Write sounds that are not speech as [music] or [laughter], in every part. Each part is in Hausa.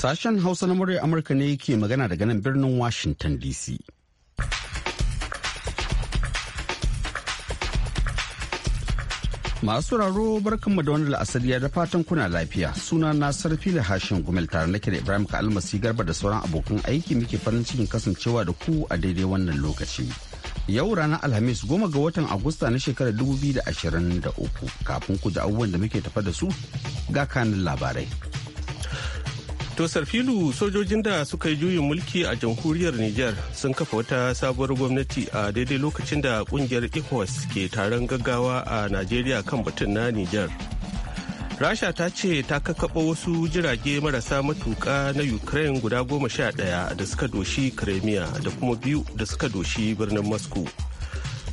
Sashen Hausa na murya Amurka ne ke magana daga nan birnin Washington DC. Masu raro barkanmu da wani la'asariya da fatan kuna lafiya suna na sarfi da hashin gumel tare na da Ibrahim ka almasi garba da sauran abokan aiki muke farin cikin kasancewa da ku a daidai wannan lokaci. Yau ranar Alhamis goma ga watan Agusta na shekarar 2023 kafin ku ji abubuwan da muke tafa da su ga kanin labarai. To Sarfilu sojojin da suka yi juyin mulki a jamhuriyar Nijar sun kafa wata sabuwar gwamnati a daidai lokacin da kungiyar ECOWAS ke taron gaggawa a Najeriya kan batun na Nijar. Rasha ta ce ta kakaɓa wasu jirage marasa matuƙa na Ukraine guda goma sha ɗaya da suka doshi Crimea da kuma biyu da suka doshi birnin Moscow.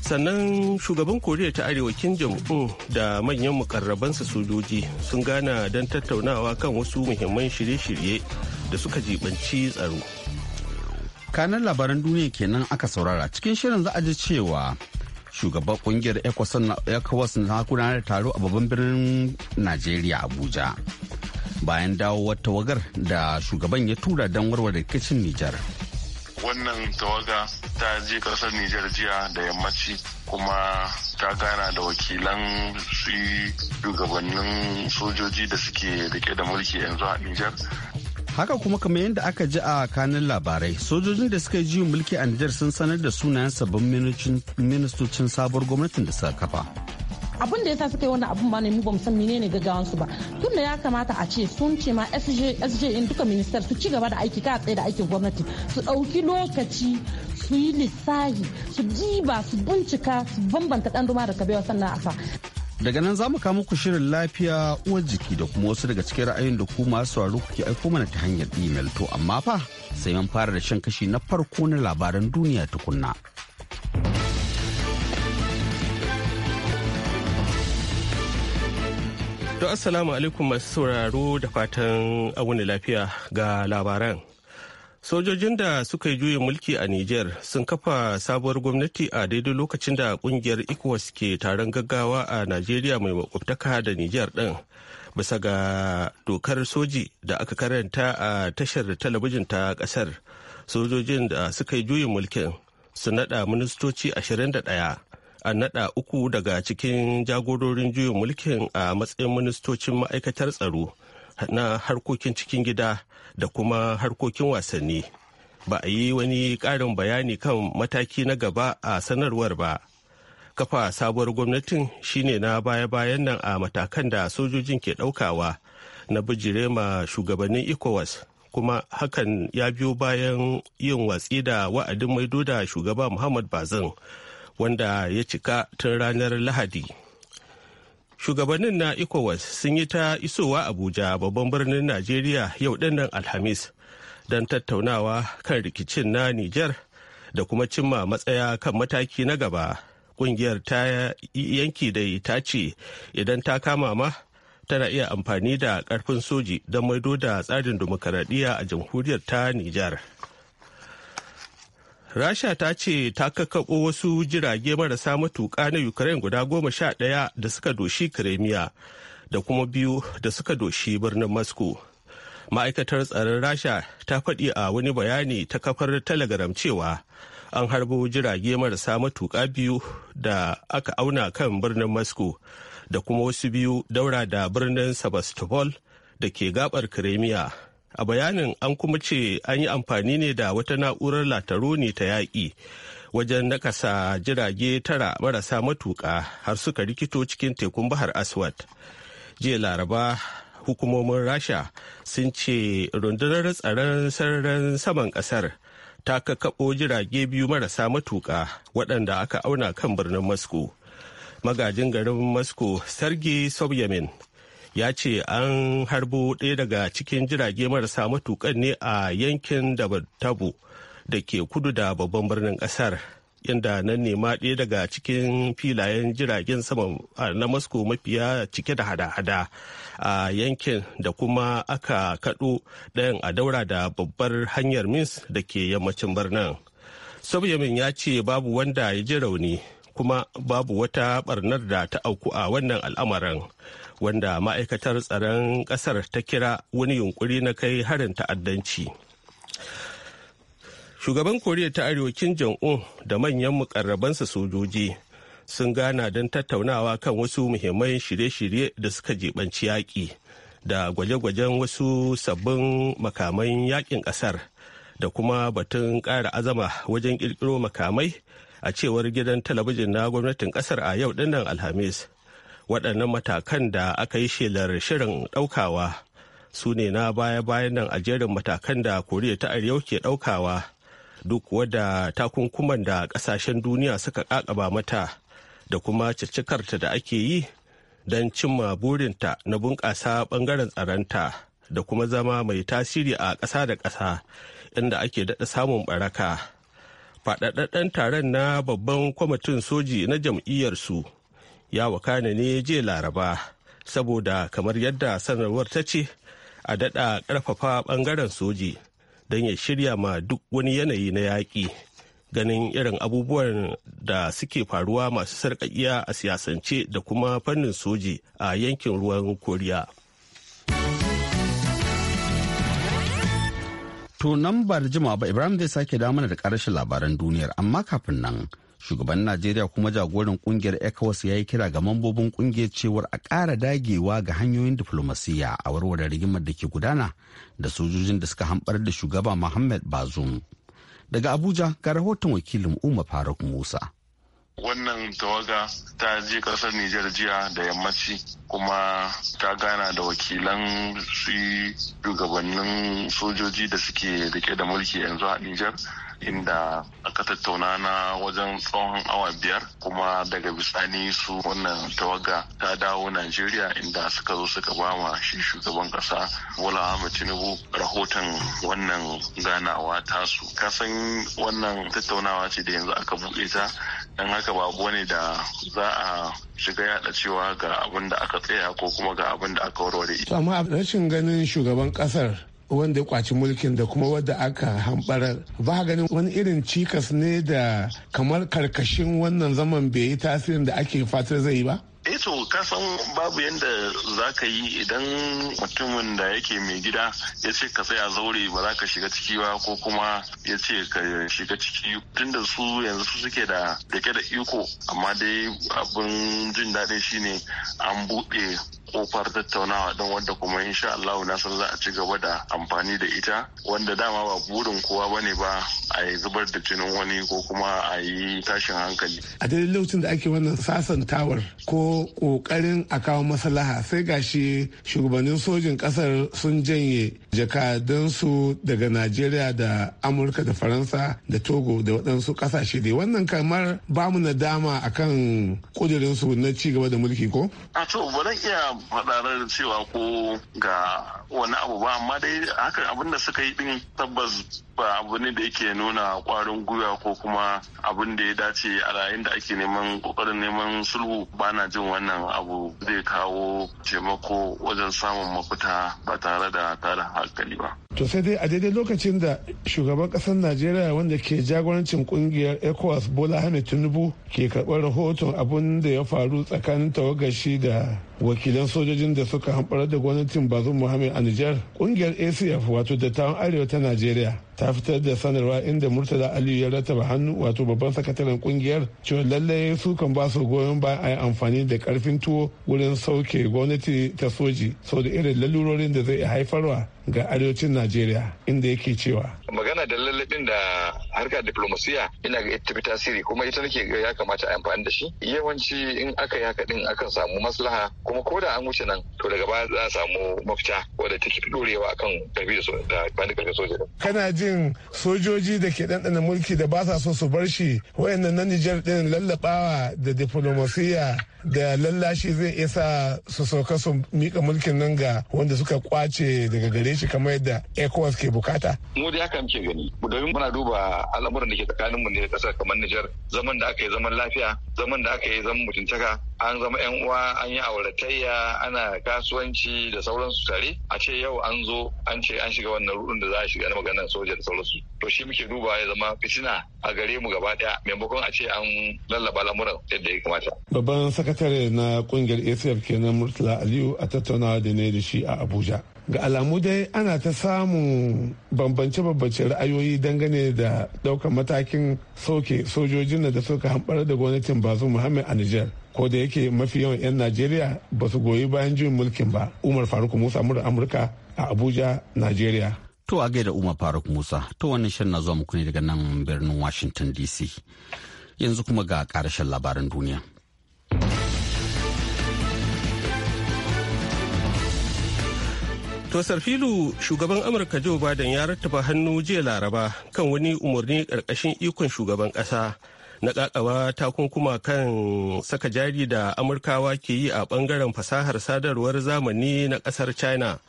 sannan shugaban koriya ta arewa kim jong-un da manyan mukarrabansa sojoji sun gana don tattaunawa kan wasu muhimman shirye-shirye da suka jibanci tsaro kanan labaran duniya kenan aka saurara cikin shirin za a ji cewa shugaban kungiyar ecowas na gudanar taro a babban birnin najeriya abuja bayan dawo wata wagar da shugaban ya tura don warware rikicin nijar wannan tawaga ta je kasar Nijar jiya da yammaci kuma ta gana da wakilan su shugabannin sojoji da suke rike da mulki yanzu a Nijar. Haka kuma kamar yadda aka ji a kanin labarai, sojojin da suka ji mulki a Nijar sun sanar da sunayen sabbin ministocin sabuwar gwamnatin da suka kafa. abin da ya sa suka yi wannan abin ba ne mu ba san menene gaggawan su ba tun da ya kamata a ce sun ce ma SJ SJ in duka minister su ci gaba da aiki ka tsaye da aikin gwamnati su dauki lokaci su yi lissahi su diba su bincika su bambanta dan duma da kabewa sannan a sa daga nan za mu kawo muku shirin lafiya uwar jiki da kuma wasu daga cikin ra'ayin da ku masu waro kuke aiko mana ta hanyar imel to amma fa sai mun fara da shan kashi na farko na labaran duniya tukunna. To assalamu alaikum masu sauraro da fatan abun lafiya ga labaran. Sojojin da suka yi juyin mulki a Nijar sun kafa sabuwar gwamnati a daidai lokacin da kungiyar ECOWAS ke taron gaggawa a Najeriya mai makwabtaka da Nijar ɗin. Bisa ga dokar soji da aka karanta a tashar talabijin ta kasar sojojin da suka yi juyin mulkin su naɗa ministoci 21 a naɗa uku daga cikin jagororin juyin mulkin a matsayin ministocin ma'aikatar tsaro na harkokin cikin gida da kuma harkokin wasanni ba a yi wani ƙarin bayani kan mataki na gaba a sanarwar ba kafa sabuwar gwamnatin shine na baya-bayan nan a matakan da sojojin ke ɗaukawa na bijirema shugabannin ecowas kuma hakan ya biyo bayan yin watsi da wa'adin maido da shugaba muhammad bazin wanda ya cika tun ranar lahadi shugabannin na ecowas sun yi ta isowa abuja babban birnin najeriya yau dinnan alhamis don tattaunawa kan rikicin na nijar da kuma cimma matsaya kan mataki na gaba kungiyar ta yanki da ta ce idan ta kama ma tana iya amfani da karfin soji don maido da tsarin dimokuraɗiyya a jamhuriyar ta nijar. rasha ta ce ta kakkaɓo wasu jirage marasa matuƙa na ukraine guda goma sha ɗaya da suka doshi kremiya da kuma biyu da suka doshi birnin moscow ma'aikatar tsaron rasha ta faɗi a wani bayani ta kafar telegram cewa an harbo jirage marasa matuƙa biyu da aka auna kan birnin moscow da kuma wasu biyu daura da birnin sebastopol da ke gabar kremiya a bayanin an kuma ce an yi amfani ne da wata na'urar lataro ne ta yaƙi wajen nakasa jirage tara marasa matuƙa har suka rikito cikin tekun bahar aswad jiya laraba hukumomin rasha sun ce rundunar tsaron sararin saman ƙasar ta kakkaɓo jirage biyu marasa matuƙa waɗanda aka auna kan birnin masko magajin garin masko sergei sobyamin ya ce an harbo ɗaya daga cikin jirage marasa matukan ne a yankin da tabo da ke kudu da babban birnin ƙasar inda nan nema ɗaya daga cikin filayen jiragen sama na masko mafiya cike da hada-hada a yankin da kuma aka kaɗo ɗayan a daura da babbar hanyar mins da ke yammacin birnin sobyamin ya ce babu wanda ya ji rauni kuma babu wata barnar da ta auku a wannan al'amarin wanda ma'aikatar tsaron ƙasar ta kira wani yunkuri na kai harin ta'addanci. Shugaban Koriya ta Arewa Kim Jong-un da manyan mukarrabansa sojoji sun gana don tattaunawa kan wasu muhimman shirye-shirye da suka jibanci yaƙi da gwaje-gwajen wasu sabbin makaman yaƙin ƙasar da kuma batun ƙara azama wajen ƙirƙiro makamai a cewar gidan talabijin na gwamnatin kasar a yau dinnan alhamis waɗannan matakan da aka yi shelar shirin ɗaukawa su ne na baya-bayan nan a jerin matakan da koriya ta arewa ke ɗaukawa duk wadda takunkuman da ƙasashen duniya suka ƙaƙaba mata da kuma cicikarta da ake yi don cimma burinta na bunƙasa ɓangaren tsaronta da kuma zama mai tasiri a ƙasa da ƙasa inda ake daɗa samun ɓaraka. faɗaɗaɗɗen taron na babban kwamitin soji na jam'iyyarsu ya wakana ne jiya laraba saboda kamar yadda sanarwar ta ce a daɗa ƙarfafa ɓangaren soji don ya shirya ma duk wani yanayi na yaƙi ganin irin abubuwan da suke faruwa masu sarƙaƙiya a siyasance da kuma fannin soji a yankin ruwan koriya. To nan ba da jimawa ba Ibrahim zai sake da mana da karashin labaran duniyar amma kafin nan shugaban Najeriya kuma jagoran kungiyar ECOWAS ya yi kira ga mambobin kungiyar cewar a ƙara dagewa ga hanyoyin diflomasiyya a warware rigimar da ke gudana da sojojin da suka hambar da shugaba Muhammad Bazoum. Daga Abuja ga rahoton wakilin Umar Faruk Musa. wannan tawaga ta je kasar Nijar jiya da yammaci kuma ta gana da wakilan su shugabannin sojoji da suke rike da mulki yanzu a Nijar inda aka tattauna na wajen tsawon awa biyar kuma daga bisani su wannan tawaga ta dawo Najeriya inda suka zo suka ba ma shi shugaban kasa Bola Ahmed Tinubu rahoton wannan ganawa tasu kasan wannan tattaunawa ce da yanzu aka buɗe ta don haka ba abu ne da za a shiga yada cewa ga abin da aka tsaya ko kuma ga abin da aka warware. amma rashin ganin shugaban kasar wanda ya kwaci mulkin da kuma wadda aka hambarar ba ganin wani irin cikas ne da kamar karkashin wannan zaman bai yi tasirin da ake fatar zai yi ba? Eh to ka san babu yadda za ka yi idan mutumin da yake mai gida ya ce ka tsaya zaure ba za ka shiga ciki ba ko kuma ya ce ka shiga ciki tunda su yanzu su suke da dake da iko amma dai abin jin daɗin shine an buɗe kofar tattaunawa don wanda kuma insha Allah na san za a ci gaba da amfani da ita wanda dama ba burin kowa bane ba a yi zubar da jinin wani ko kuma a yi tashin hankali a daidai lokacin da ake wannan sasantawar ko kokarin a kawo maslaha sai gashi shugabannin sojin kasar sun janye jakadansu daga Najeriya da Amurka da Faransa da Togo da waɗansu ƙasashe dai wannan kamar bamu na dama akan kudirinsu na ci gaba da mulki ko? A to ba zan iya madarar cewa ko ga wani abu ba amma dai hakan abin da suka yi din tabbas ba abu ne da yake nuna kwarin gwiwa ko kuma abin da ya dace a yayin da ake neman kokarin neman sulhu ba na jin wannan abu zai kawo taimako wajen samun mafita ba tare da tara hankali ba. to sai dai a daidai lokacin da shugaban kasar najeriya wanda ke jagorancin kungiyar ecowas bola hamid tinubu ke karɓar rahoton abin da ya faru tsakanin shi da wakilan sojojin da suka hamɓar da gwamnatin bazu muhammad a nijar kungiyar acf wato dattawan arewa ta najeriya ta fitar da sanarwa inda murtala aliyu ya rataba hannu wato babban sakataren kungiyar cewa lallai sukan kan ba su goyon ba a yi amfani da karfin tuwo wurin sauke gwamnati ta soji sau da irin lalurorin da zai haifarwa ga arewacin najeriya inda yake cewa magana da lallabin da harkar diplomasiya ina ga ita tasiri kuma ita nake ga ya kamata a amfani da shi yawanci in aka yi haka din akan samu maslaha kuma ko da an wuce nan to daga baya za a samu mafita wadda take dorewa akan karfi da bani soja kana je. gwamnatin sojoji da ke ɗanɗana mulki da ba sa so su bar shi wayannan na Nijar ɗin lallaɓawa da diflomasiyya da lallashi zai iya sa su sauka su mika mulkin nan ga wanda suka kwace daga gare shi kamar yadda ECOWAS ke bukata? Mu dai haka muke gani. Domin muna duba al'amuran da ke tsakanin mu ne da kasar kamar Nijar, zaman da aka yi zaman lafiya, zaman da aka yi zaman mutuntaka, an zama yan uwa, an yi auratayya, ana kasuwanci da sauransu tare. A ce yau an zo an ce an shiga wannan rudin da za a shiga na maganar soja da sauransu. To shi muke duba ya zama fitina a gare mu gaba daya maimakon a ce an lallaba alamuran yadda ya kamata. Babban saka sakatare na kungiyar acf kenan murtala aliyu a tattaunawa da ne da shi a abuja ga alamu dai ana ta samun bambance-bambance ra'ayoyi dangane da ɗaukar matakin soke sojojin da suka hambar da gwamnatin bazu muhammad a niger ko da yake mafi yawan 'yan najeriya ba su goyi bayan juyin mulkin ba umar faruk musa mura amurka a abuja najeriya to a gaida umar faruk musa to wannan shirin na zuwa muku ne daga nan birnin washington dc yanzu kuma ga karshen labaran duniya To Sarfilu shugaban Amurka Joe Biden ya rattaba hannu jiya Laraba kan wani umarni ƙarƙashin ikon shugaban ƙasa na takunkuma kan saka jari da Amurkawa ke yi a ɓangaren fasahar sadarwar zamani na ƙasar China.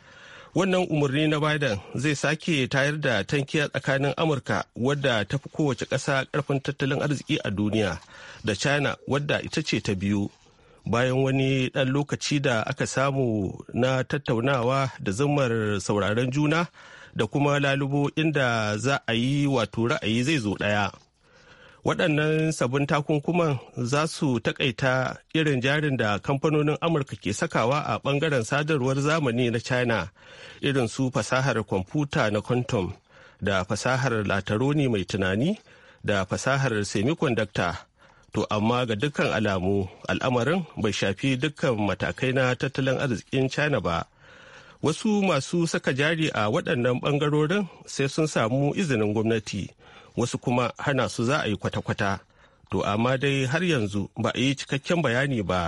Wannan umarni na Biden zai sake tayar da tankiya tsakanin Amurka wadda ta fi kowace ƙasa ƙarfin tattalin arziki a duniya da China wadda ita ce ta biyu. bayan wani ɗan lokaci da aka samu na tattaunawa da zumar sauraron juna da kuma lalubo inda za a yi wato ra'ayi zai zo ɗaya. waɗannan sabbin takunkuman za su takaita irin jarin da kamfanonin amurka ke sakawa a ɓangaren sadarwar zamani na china irin su fasahar kwamfuta na quantum da fasahar lataroni mai tunani da fasahar semiconductor to amma ga dukkan alamu al'amarin bai shafi dukkan matakai na tattalin arzikin china ba wasu masu saka jari a waɗannan ɓangarorin sai sun samu izinin gwamnati wasu kuma hana su za a yi kwata-kwata to amma dai har yanzu ba a yi cikakken bayani ba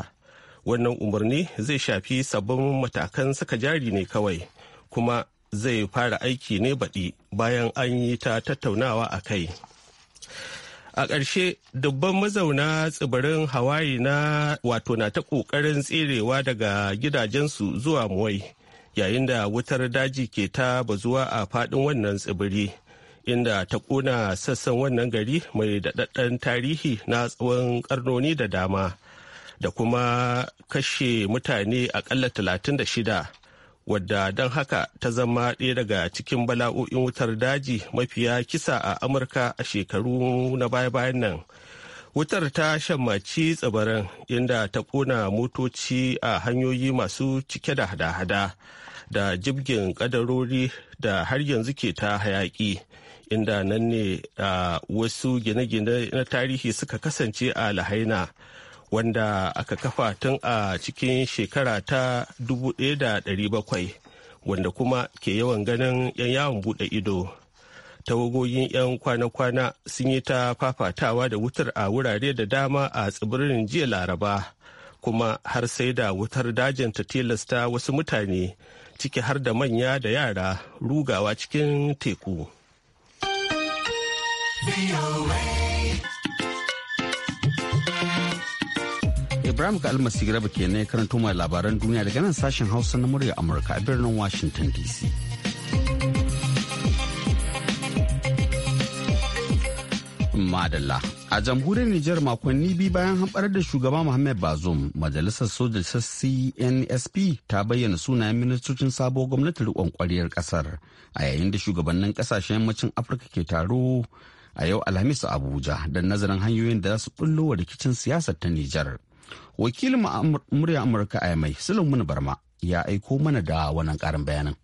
wannan umarni zai shafi sabbin matakan saka jari ne kawai kuma zai fara aiki ne baɗi bayan an yi ta tattaunawa a kai a ƙarshe dubban mazauna tsibirin hawaii na wato na ta ƙoƙarin tserewa daga gidajensu zuwa muwai yayin da wutar daji ke ta bazuwa a faɗin wannan tsibiri inda ta ƙona sassan wannan gari mai daɗaɗɗen tarihi na tsawon ƙarnoni da dama da kuma kashe mutane aƙalla shida. wadda don haka ta zama ɗaya daga cikin bala'o'in wutar daji mafiya kisa a amurka a shekaru na baya-bayan nan wutar ta shammaci tsibirin inda ta kona motoci a hanyoyi masu cike da hada-hada da jibgin kadarori da har yanzu ke ta hayaki inda nan ne wasu gine-gine na tarihi suka kasance a lahaina wanda aka kafa tun a cikin shekara ta 1700 wanda kuma ke yawan ganin 'yan yawon bude ido tawagogin 'yan kwana-kwana sun yi ta fafatawa da wutar a wurare da dama a tsibirin jiya laraba kuma har sai da wutar dajin ta tilasta wasu mutane ciki har da manya da yara rugawa cikin teku. Ibrahim ga almasi garba ke ne karanto mai labaran duniya daga nan sashen Hausa na murya Amurka a birnin Washington DC. Madalla. A jamhuriyar Nijar makonni biyu bayan hamɓarar da shugaba Muhammad Bazoum, majalisar soja ta CNSP ta bayyana sunayen ministocin sabuwar gwamnatin riƙon ƙwariyar ƙasar a yayin da shugabannin ƙasashen yammacin Afirka ke taro a yau Alhamis a Abuja don nazarin hanyoyin da za su ɓullo wa rikicin siyasar ta Nijar. wakilin murya amurka a mai sulaimun barma ya aiko mana da wannan karin bayanin.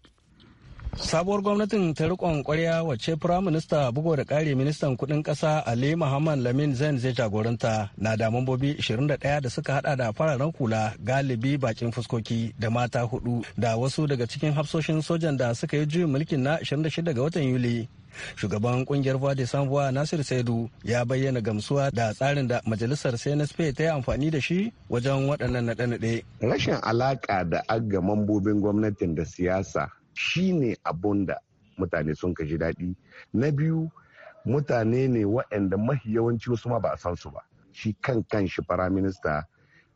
Sabuwar gwamnatin ta rikon kwarya wacce Minista bugu da ƙari ministan Kuɗin ƙasa Ali Muhammad Lamin Zain zai jagoranta na da mambobi 21 da suka hada da fararen kula galibi bakin fuskoki da mata hudu da wasu daga cikin hafsoshin sojan da suka yi juyin mulkin na 26 ga watan Yuli. Shugaban kungiyar Voix de Nasir Saidu ya bayyana gamsuwa da tsarin da majalisar CNSP ta yi amfani da shi wajen waɗannan naɗe-naɗe. Rashin alaƙa da aga mambobin gwamnatin da siyasa shi ne abun da mutane sun ka daɗi na biyu mutane ne waɗanda mafi yawanci wasu ma ba a san su ba shi kan kan shi firaminista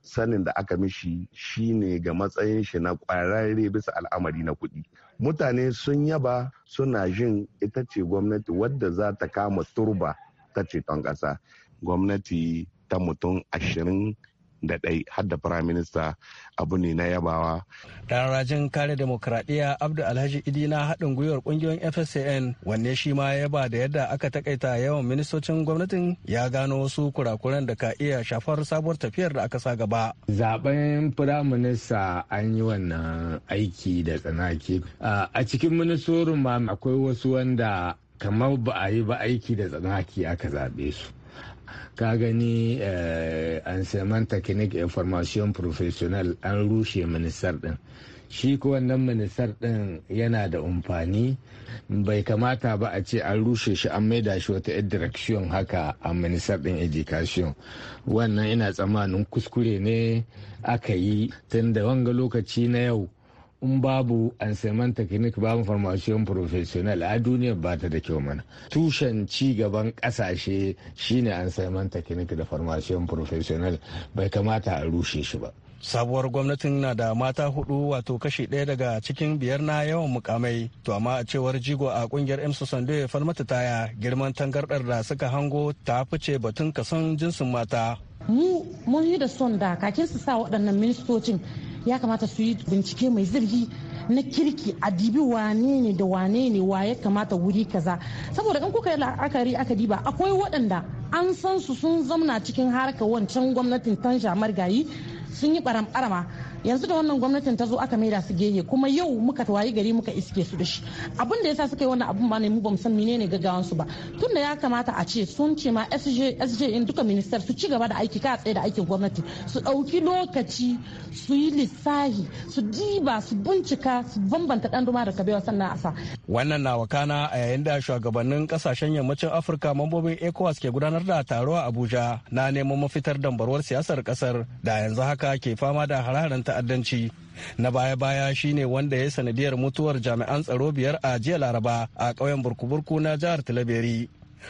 sanin da aka mishi shi ne ga matsayin shi na ƙwararre bisa al'amari na kuɗi mutane sun yaba suna jin ita ce gwamnati wadda za ta kama turba ta ceton ƙasa gwamnati ta mutum ashirin da ɗai har da prime minister abu ne na yabawa. Dan rajin kare demokradiyya Abdu Alhaji Idi na haɗin gwiwar ƙungiyoyin fsn wanne shi ma ba da yadda aka takaita yawan ministocin gwamnatin ya gano wasu kurakuran da ka iya shafar sabuwar tafiyar da aka sa gaba. Zaben prime minister an yi wannan aiki da tsanaki. A cikin ministorin ma akwai wasu wanda kamar ba a yi ba aiki da tsanaki aka zaɓe su. ka gani eh, an anseman technique information professional an rushe ministar din shi ko wannan ministar din yana da umfani bai kamata ba a ce an rushe shi an maida shi wata direction haka a ministar din education wannan ina tsammanin kuskure ne aka yi tun da wanga lokaci na yau in babu an teknik technique babu formation professional a duniyar ba ta da kyau mana tushen ci gaban kasashe shine an anseman technique da formation professional bai kamata a rushe shi ba sabuwar gwamnatin na da mata hudu wato kashi ɗaya daga cikin biyar na yawan mukamai to amma a cewar jigo a kungiyar emsa sando ya mata taya girman tangardar da suka hango ta fice batun kason jinsin mata mu mun yi da son da kakin su sa waɗannan ministocin ya kamata su yi bincike mai zirgi na kirki a dibi wane ne da wane ne wa ya kamata wuri kaza saboda in kuka yi la'akari aka diba akwai waɗanda an san su sun zamna cikin harka wancan gwamnatin tan shamar gayi sun yi ɓaram-ɓarama yanzu da wannan gwamnatin ta zo aka maida su gehe kuma yau muka wayi gari muka iske su da shi abin da yasa suka yi wannan abun ba ne mu bamu san menene gaggawan su ba tun da ya kamata a ce sun ce ma SJ in duka minister su ci gaba da aiki ka tsaye da aikin gwamnati su dauki lokaci su yi lissahi su diba su bincika su bambanta dan duma da kabewa sannan a sa wannan na wakana a yayin da shugabannin kasashen yammacin Afirka mambobin ECOWAS ke gudanar da taro a Abuja na neman mafitar dambarwar siyasar kasar da yanzu haka ke fama da hare ta'addanci na baya-baya shine wanda ya sanadiyar mutuwar jami'an tsaro biyar a jiya laraba a ƙauyen burku-burku na jihar talabiri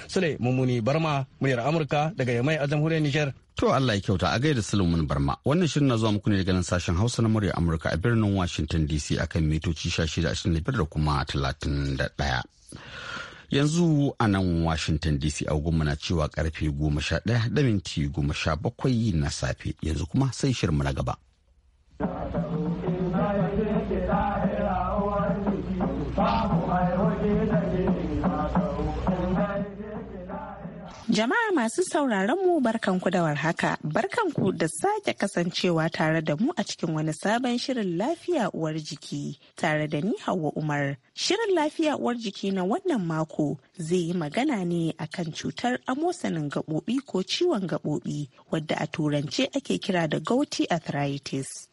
sule mummuni barma muryar amurka daga yamai a jamhuriyar nijar to allah ya kyauta a gaida sulumin barma wannan shirin na zuwa muku ne daga nan sashen hausa na muryar amurka a birnin washington dc akan mitoci 1625 da kuma 31 yanzu a nan washington dc agogo na cewa karfe 11 da minti 17 na safe yanzu kuma sai shirin na gaba Thank [laughs] you. Jama'a masu sauraron mu barkanku da warhaka, barkanku da sake kasancewa tare da mu a cikin wani sabon shirin lafiya uwar jiki tare da ni Hauwa Umar. Shirin lafiya uwar jiki na wannan mako zai yi magana ne akan cutar amosanin gaɓoɓi ko ciwon gaɓoɓi wadda a turance ake kira da gouty arthritis.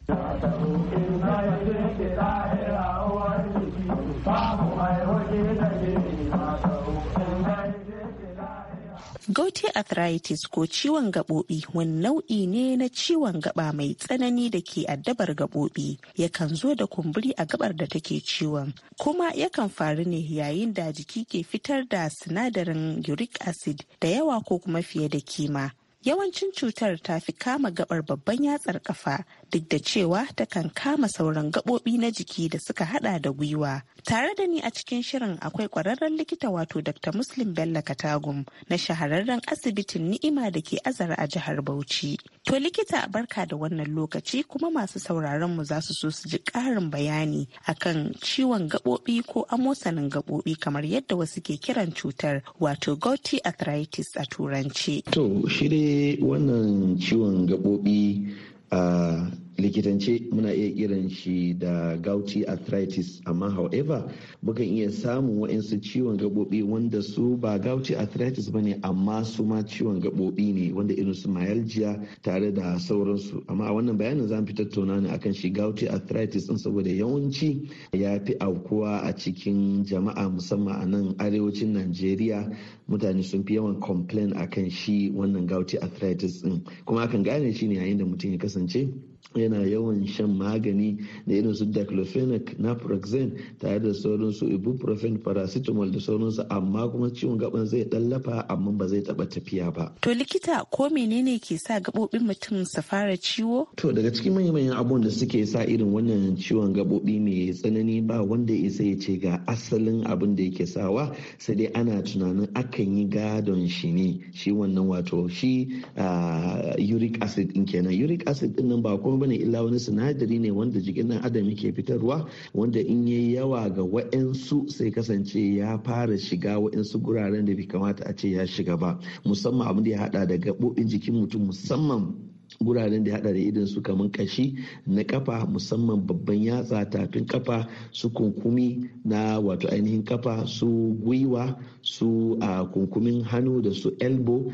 Gauti arthritis ko ciwon gaɓoɓi wani nau'i ne na ciwon gaɓa mai tsanani da ke addabar gaɓoɓi yakan zo da kumburi a gaɓar da take ciwon kuma yakan faru ne yayin da jiki ke fitar da sinadarin uric acid da yawa ko kuma fiye da kima. Yawancin cutar ta fi kama gaɓar babban yatsar ƙafa. duk da cewa takan kama sauran gaɓoɓi na jiki da suka hada da gwiwa. Tare da ni a cikin shirin akwai ƙwararren likita wato Dr. Muslim Bello Katagum na shahararren asibitin Ni'ima da ke Azara a jihar Bauchi. To likita barka da wannan lokaci kuma masu sauraron mu za su so su ji ƙarin bayani akan ciwon gaɓoɓi ko amosanin gaɓoɓi kamar yadda wasu ke kiran cutar wato gouty arthritis a turanci. To shi dai wannan ciwon gaɓoɓi uh, likitance muna iya kiran shi da gouty arthritis amma however mukan iya samun wa'insu ciwon gabobi wanda su ba gouty arthritis bane amma su ma ciwon gabobi ne wanda irin su myalgia tare da sauransu amma a wannan bayanin zan fi tattauna ne akan shi gouty arthritis din saboda yawanci ya fi aukuwa a cikin jama'a musamman a nan arewacin Najeriya mutane sun fi yawan complain akan shi wannan gouty arthritis din kuma akan gane shi ne yayin da mutum ya kasance yana yawan shan magani da irin su diclofenac naproxen tare da sauransu ibuprofen paracetamol da sauransu amma kuma ciwon gaban zai ɗallafa amma ba zai taɓa tafiya ba. To likita ko menene ke sa gabobin mutum su fara ciwo? To daga cikin manyan abubuwan da suke sa irin wannan ciwon gabobi mai tsanani ba wanda isa ya ce ga asalin abin da yake sawa sai dai ana tunanin akan yi gadon shi ne shi wannan wato shi ah, uric acid din kenan uric acid din nan ba komai bane illa wani sinadari ne wanda jikin dan adam yake fitarwa wanda in yayi yawa ga wa'ensu sai kasance ya fara shiga wa'ensu guraren da bai kamata a ce ya shiga ba musamman abin da ya hada da gaɓoɓin jikin mutum musamman guraren da ya hada da irin su kamar kashi na kafa musamman babban yatsa tafin kafa su kunkumi na wato ainihin kafa su gwiwa su a kunkumin hannu da su elbow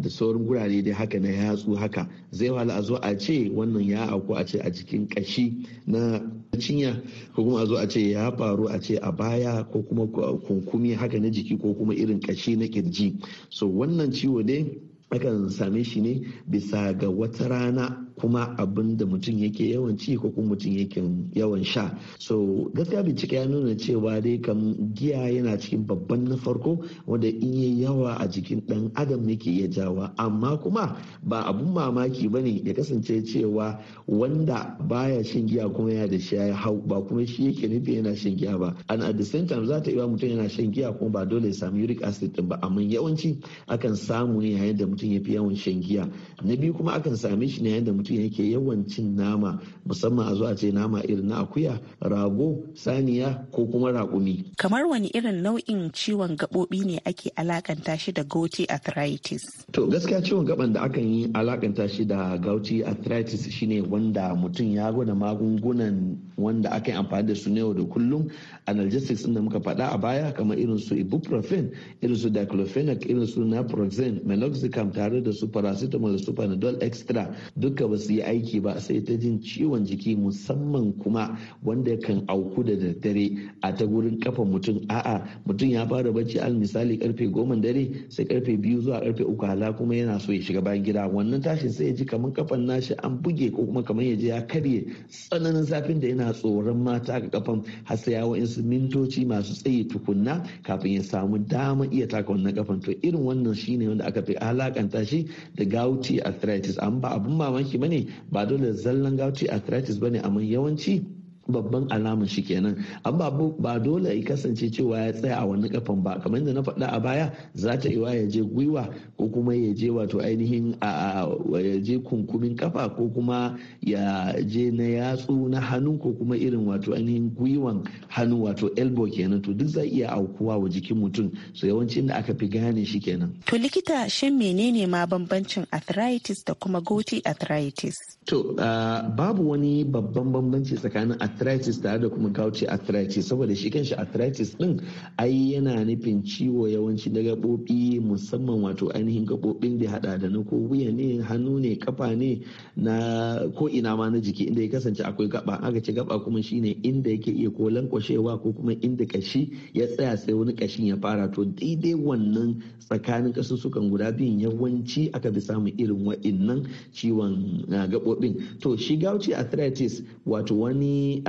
da sauran gurare dai haka na yatsu haka zai wahala a zo a ce wannan ya auku a ce a cikin kashi na cinya ko kuma a zo a ce ya faru a ce a baya ko kuma kunkumi haka na jiki ko kuma irin kashi na kirji so wannan ciwo dai akan same shi ne bisa ga wata rana kuma abin da mutum yake yawan ci ko kuma mutum yake yawan sha so gaskiya bincike ya nuna cewa dai kam giya yana cikin babban na farko wanda in yi yawa a jikin dan adam yake iya jawa amma kuma ba abun mamaki ba ne ya kasance cewa wanda baya shan giya kuma yana da shi ya hau ba kuma shi yake nufi yana shan giya ba and at the same time za ta iya mutum yana shan giya kuma ba dole ya samu uric acid din ba amma yawanci akan samu ne yayin da mutum mutum ya fi yawan shan giya na biyu kuma akan same shi ne yadda mutum yake yawan cin nama musamman a zuwa ce nama irin na akuya rago saniya ko kuma raƙumi kamar wani irin nau'in ciwon gaɓoɓi ne ake alakanta shi da gouty arthritis to gaskiya ciwon gaban da akan yi alakanta shi da gouty arthritis shine wanda mutum ya gwada magungunan wanda aka yi amfani da su ne yau da kullum analgesics da muka faɗa a baya kamar irin su ibuprofen irin su diclofenac irin su naproxen meloxicam tare da su paracetamol da su panadol extra duka ba su yi aiki ba sai ta jin ciwon jiki musamman kuma wanda kan auku da daddare a ta gurin kafa mutum a'a mutum ya fara bacci al misali karfe goma dare sai karfe biyu zuwa karfe uku hala kuma yana so ya shiga bayan gida wannan tashin sai ya ji kamar kafan nashi an buge ko kuma kamar ya je ya karye tsananin zafin da yana tsoron mata ga kafan har sai ya wa'insu mintoci masu tsayi tukunna kafin ya samu dama iya taka wannan kafan to irin wannan shine wanda aka fi alaka alakanta shi da gouty arthritis amma ba abun mamaki bane ba dole zallan gouty arthritis bane amma yawanci babban alama shi kenan amma ba dole ya kasance cewa ya tsaya a wani kafan ba kamar yadda na faɗa a baya za ta iwa ya je gwiwa ko kuma ya je wato ainihin a ya je kunkumin kafa ko kuma ya je na yatsu na hannu ko kuma irin wato ainihin gwiwan hannu wato elbow kenan to duk zai iya aukuwa wa jikin mutum su yawancin da aka fi gane shi kenan to likita shin menene ma bambancin arthritis da kuma gouty arthritis to babu wani babban bambanci tsakanin arthritis arthritis tare da kuma gauti arthritis saboda shi kanshi arthritis din ai yana nufin ciwo yawanci na gaɓoɓi musamman wato ainihin gaɓoɓin da hada da na ko wuya ne hannu ne kafa ne na ko ina ma na jiki inda ya kasance akwai gaba aka ce gaba kuma shine inda yake iya ko lankwashewa ko kuma inda kashi ya tsaya sai wani kashin ya fara to daidai wannan tsakanin kasussukan guda biyun yawanci aka bi samun irin wa'innan ciwon ah, gaɓoɓin to shi gauci arthritis wato wani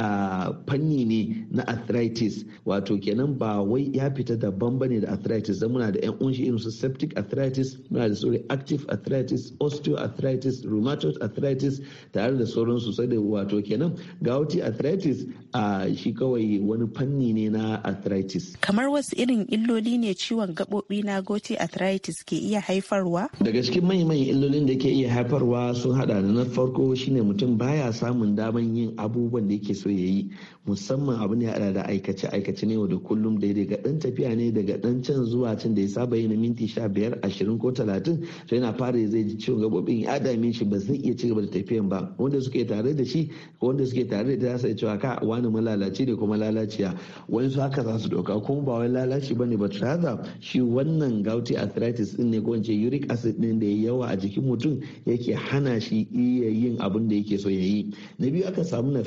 fanni ne na arthritis wato kenan ba wai ya fita daban bane da arthritis Zan muna da yan unshi irin su arthritis muna da su active arthritis osteoarthritis rheumatoid arthritis tare da sauransu sai da wato kenan gouty arthritis a shi kawai wani fanni ne na arthritis kamar wasu irin illoli ne ciwon gabobi na goti arthritis ke iya haifarwa daga cikin manyan illolin da ke iya haifarwa sun hada da na farko shine mutum baya samun daman yin abubuwan da yake so ya yi musamman abu ne a da aikace aikace ne da kullum daidai ga dan tafiya ne daga dan can zuwa can da ya saba yi na minti sha biyar ashirin ko talatin to yana fara zai ji ciwon gabobin ya dame shi ba zai iya ci gaba da tafiyan ba wanda suke tare da shi ko wanda suke tare da ta cewa ka wani malalaci ne kuma lalaciya wani su haka za su doka kuma ba wai lalaci bane ba rather shi wannan gouty arthritis din ne ko in ce uric acid din da ya yawa a jikin mutum yake hana shi iya yin abun da yake so ya yi na biyu aka samu na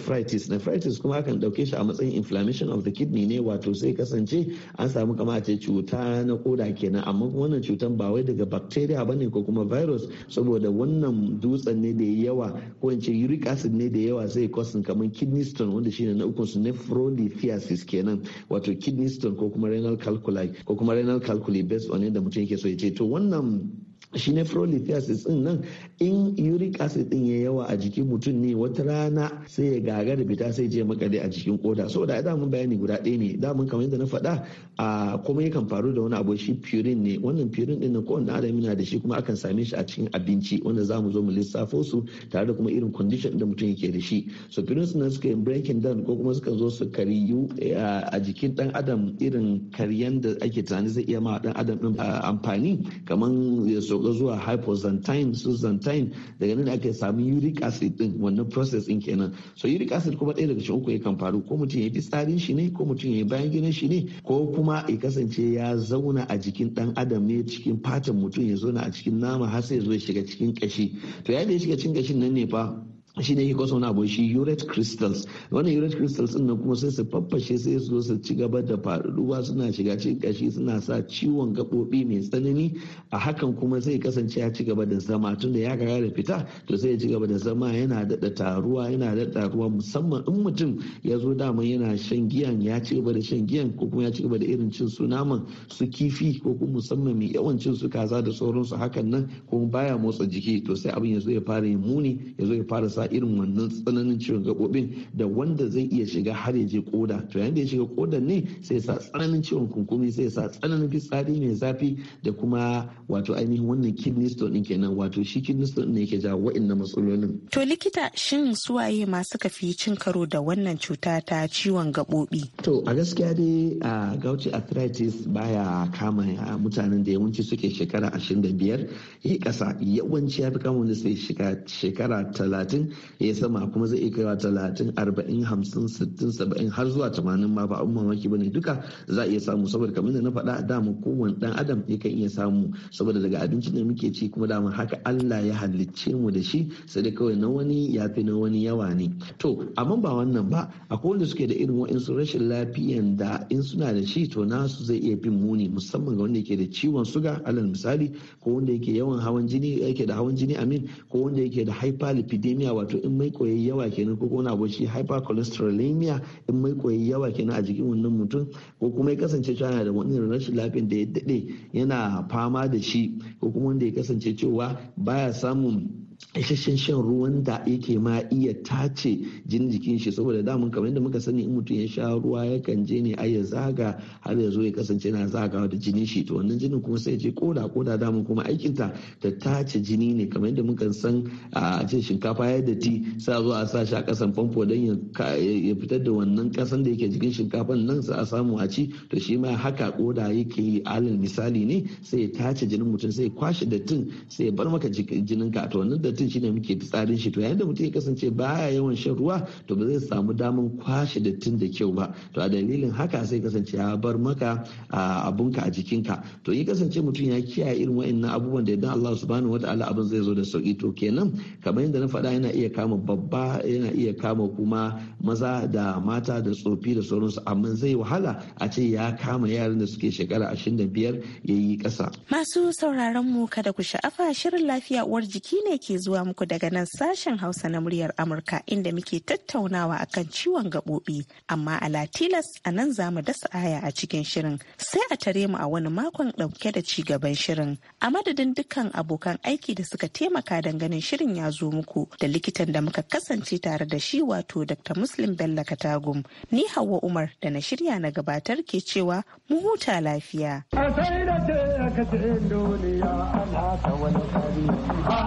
nephritis kuma akan ɗauke shi a matsayin inflammation of the kidney ne wato sai kasance an samu kama ce cuta na koda kenan amma kuma wannan cutan ba wai daga bacteria ne ko kuma virus saboda wannan dutsen ne da yawa ko in ce uric acid ne da yawa sai kosin kamar kidney stone wanda shi ne na ukun su nephrolithiasis kenan wato kidney stone ko kuma renal calculi ko kuma renal calculi based on yadda mutum yake so ya ce to wannan shi ne nephrolithiasis din nan in uric acid din ya yawa a jikin mutum ne wata rana sai ya gagara fita sai je makale a jikin koda saboda da mun bayani guda ɗaya ne da mun kamar yadda na faɗa a kuma yakan faru da wani abu shi purin ne wannan purin din nan wanda adam yana da shi kuma akan same shi a cikin abinci wanda za mu zo mu lissafo su tare da kuma irin condition da mutum yake da shi so purin nan suka yi breaking down ko kuma suka zo su kariyu eh, a jikin dan adam irin karyan da ake tunani zai iya ma dan adam din eh, amfani kamar ya sauka zuwa hypoxanthine su xanthine daga nan ake samu uric acid din wannan process din kenan so uric acid kuma ɗaya daga cikin uku yakan faru ko mutum ya yi fitsarin shi ne ko mutum ya yi bayan gidan shi ne ko kuma ya kasance ya zauna a jikin ɗan adam ne cikin fatan mutum ya zauna a cikin nama har sai ya zo ya shiga cikin kashi to yayin da ya shiga cikin kashin nan ne fa shi ne yake wani abu shi uret crystals wannan uret crystals din nan kuma sai su faffashe sai su zo su ci gaba da faruwa suna shiga cikin kashi suna sa ciwon gabobi mai tsanani a hakan kuma zai kasance ya ci gaba da zama tunda ya kara da fita to sai ya ci gaba da zama yana daɗa taruwa yana daɗa taruwa musamman in mutum ya zo daman yana shan giyan ya ci gaba da shan giyan ko kuma ya ci gaba da irin cin su naman su kifi ko kuma musamman mai yawan cin su kaza da sauransu hakan nan kuma baya motsa jiki to sai abin ya zo ya fara yin muni ya zo ya fara sa a irin wannan tsananin ciwon gabobin da wanda zai iya shiga har ya je koda to yayin da ya shiga koda ne sai sa tsananin ciwon kunkumi sai sa tsananin fitsari mai zafi da kuma wato ainihin wannan kidney stone din kenan wato shi kidney stone ne yake jawo wa'annan matsalolin to likita shin suwaye masu kafi cin karo da wannan cuta ta ciwon gabobi to a gaskiya dai a gauti arthritis baya kama mutanen da yawanci suke shekara 25 ya kasa yawanci ya fi kama wanda sai shekara talatin ya sama kuma zai iya wa talatin arba'in hamsin sittin saba'in har zuwa tamanin ma ba abin mamaki ba duka za a iya samu saboda kamar da na faɗa dama kowane ɗan adam kan iya samu saboda daga abincin da muke ci kuma dama haka Allah ya halicce mu da shi sai dai kawai na wani ya fi na wani yawa ne to amma ba wannan ba akwai wanda suke da irin wa'insu rashin lafiyan da in suna da shi to nasu zai iya bin muni musamman ga wanda yake da ciwon suga alal misali ko wanda yake yawan hawan jini yake da hawan jini amin ko wanda yake da hyperlipidemia wato in mai koyi yawa kenan ko wani abu shi hypercholesterolemia in mai koyi yawa kenan a jikin wannan mutum ko kuma ya kasance cewa yana da wani rashin lafiyar da ya daɗe yana fama da shi ko kuma wanda ya kasance cewa baya samun isasshen shan ruwan da yake ma iya tace jin jikin shi saboda damun kamar yadda muka sani in mutum ya sha ruwa yakan je ne a ya zaga har ya zo ya kasance yana zaga da jinin shi to wannan jinin kuma sai je koda koda damun kuma aikinta ta tace jini ne kamar yadda muka san a ce shinkafa ya datti sa zo a sa shi a kasan famfo don ya fitar da wannan kasan da yake jikin shinkafan nan sa a samu a ci to shi ma haka koda yake yi alal misali ne sai ya tace jinin mutum sai ya kwashe dattin sai ya bar maka jininka to wannan dattin shine muke fitsarin shi to yayin da mutum ya kasance baya yawan shan ruwa to ba zai samu damar kwashe dattin da kyau ba to a dalilin haka sai kasance ya bar maka abunka a jikinka to ya kasance mutum ya kiyaye irin wa'annan abubuwan da idan Allah subhanahu wataala abin zai zo da sauki to kenan kamar yadda na faɗa yana iya kama babba yana iya kama kuma maza da mata da tsofi da sauransu amma zai wahala a ce ya kama yaran da suke shekara ashirin da biyar ya yi ƙasa. Masu sauraron mu kada ku sha'afa shirin lafiya uwar jiki ne ke ke zuwa muku daga nan sashen Hausa na muryar Amurka inda muke tattaunawa akan ciwon gaɓoɓi. Amma a Latilas a nan za mu dasa aya a cikin shirin sai a tare mu a wani makon ɗauke da ci gaban shirin. A madadin dukkan abokan aiki da suka taimaka don ganin shirin ya zo muku da likitan da muka kasance tare da shi wato Dr. Muslim Bello Katagum. Ni Hauwa Umar da na shirya na gabatar ke cewa mu huta lafiya. A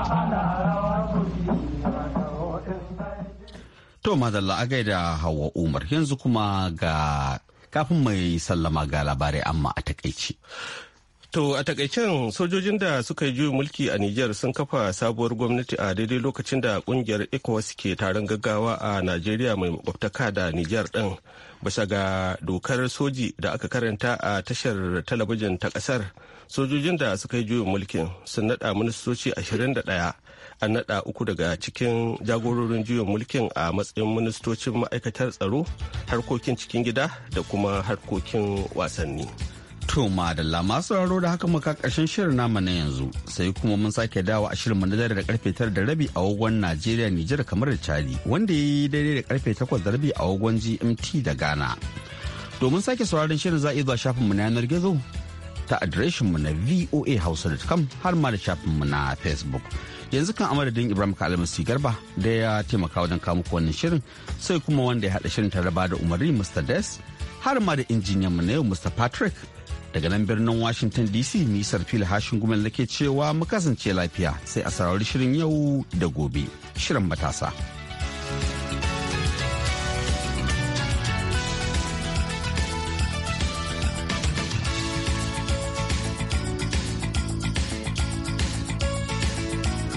sai da To madalla a gaida hawa Umar yanzu kuma ga kafin mai sallama ga labarai amma a takaici. To a takaicen sojojin da suka yi juyin mulki a Nijar sun kafa sabuwar gwamnati a daidai lokacin da kungiyar ECOWAS ke taron gaggawa a Najeriya mai makwabtaka da Nijar ɗin bisa ga dokar soji da aka karanta a tashar talabijin ta ƙasar. Sojojin da suka yi juyin mulkin sun naɗa ministoci ɗaya. an naɗa uku daga cikin jagororin juyin mulkin a matsayin ministocin ma'aikatar tsaro harkokin cikin gida da kuma harkokin wasanni. To da masu sauraro da haka muka ƙarshen shirin nama na yanzu sai kuma mun sake dawo a shirin manadar da karfe tara da rabi a wagon Najeriya Nijar kamar da Chadi wanda ya yi daidai da karfe takwas da rabi a wagon GMT da Ghana. Domin sake sauraron shirin za a shafin mu na yanar gizo ta adireshin mu na voahausa.com har ma da shafin mu na Facebook. yanzu kan amadadin ibrahim su garba da ya taimaka wajen kamu wannan shirin sai kuma wanda ya haɗa shirin tare da umarni mr des har ma da injiniyan mu na yau mr patrick daga nan birnin washington dc nisar fil hashin gumen ke cewa mu kasance lafiya sai a sarari shirin yau da gobe shirin matasa.